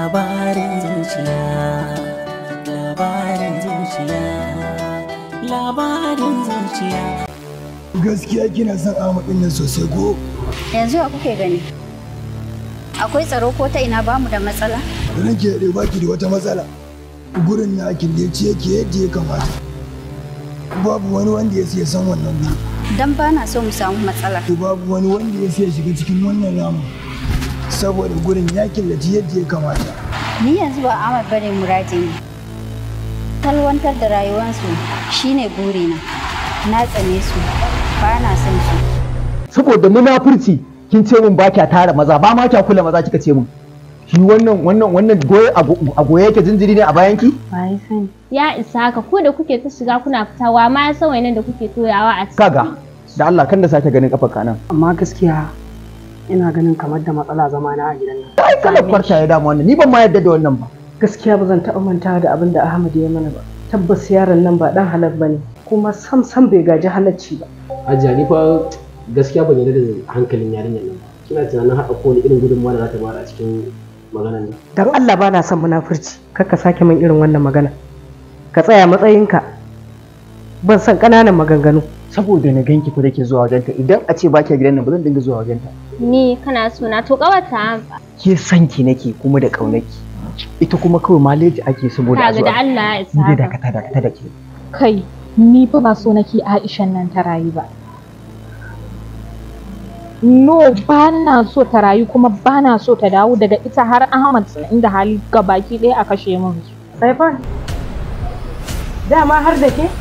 labarin zuciya labarin zuciya labarin zuciya gaskiya kina son din nan sosai ko yanzu a kuke gani akwai tsaro ko ta ina bamu da matsala da ke da baki da wata matsala gurin na killace yake yadda ya kamata babu wani wanda ya siya san wannan gurin dan ba na so mu samu matsala babu wani wanda ya siya shiga cikin wannan ramu saboda gurin yakin da yadda ya kamata ni yanzu ba Ahmad bane muradin talwantar da rayuwarsu shine burina na tsane su ba na son su saboda munafurci kin ce mun ba kya tara maza ba ma kya kula maza kika ce mun shi wannan wannan wannan goye a goye yake jinjiri ne a bayan ki? Ya isa haka ko da kuke ta shiga kuna fitawa ma ya wai nan da kuke toyawa a ciki. Kaga da Allah kan da sake ganin kafar kanan. Amma gaskiya ina ganin kamar da matsala zama na a gidan nan ai kana kwarta ya dama wannan ni ban ma yadda da wannan ba gaskiya ba zan taɓa mantawa da abin da Ahmad ya mana ba tabbas yaron nan ba dan halal bane kuma sam sam bai gaji halacci ba ajiya ni fa gaskiya ban yarda da hankalin yarinyar nan ba. kina tunanin haɗa ko ni irin gudunmawa da za ta bada a cikin maganar nan dan Allah ba na son munafurci kar ka sake min irin wannan magana ka tsaya matsayinka ban san ƙananan maganganu saboda na ganki fa dake zuwa wajenta idan a ce ba ki gidan nan ba zan dinga zuwa wajenta ni kana so na to kawata ke san ki nake kuma da kaunaki ita kuma kawai maleji ake saboda azuwa. zuwa da Allah ya sa da kata da kata da ke kai ni fa ba so nake Aisha nan ta rayu ba no ba na so ta rayu kuma ba na so ta dawo daga ita har Ahmad inda hali gabaki ɗaya a kashe min. Saifan, dama har da ke?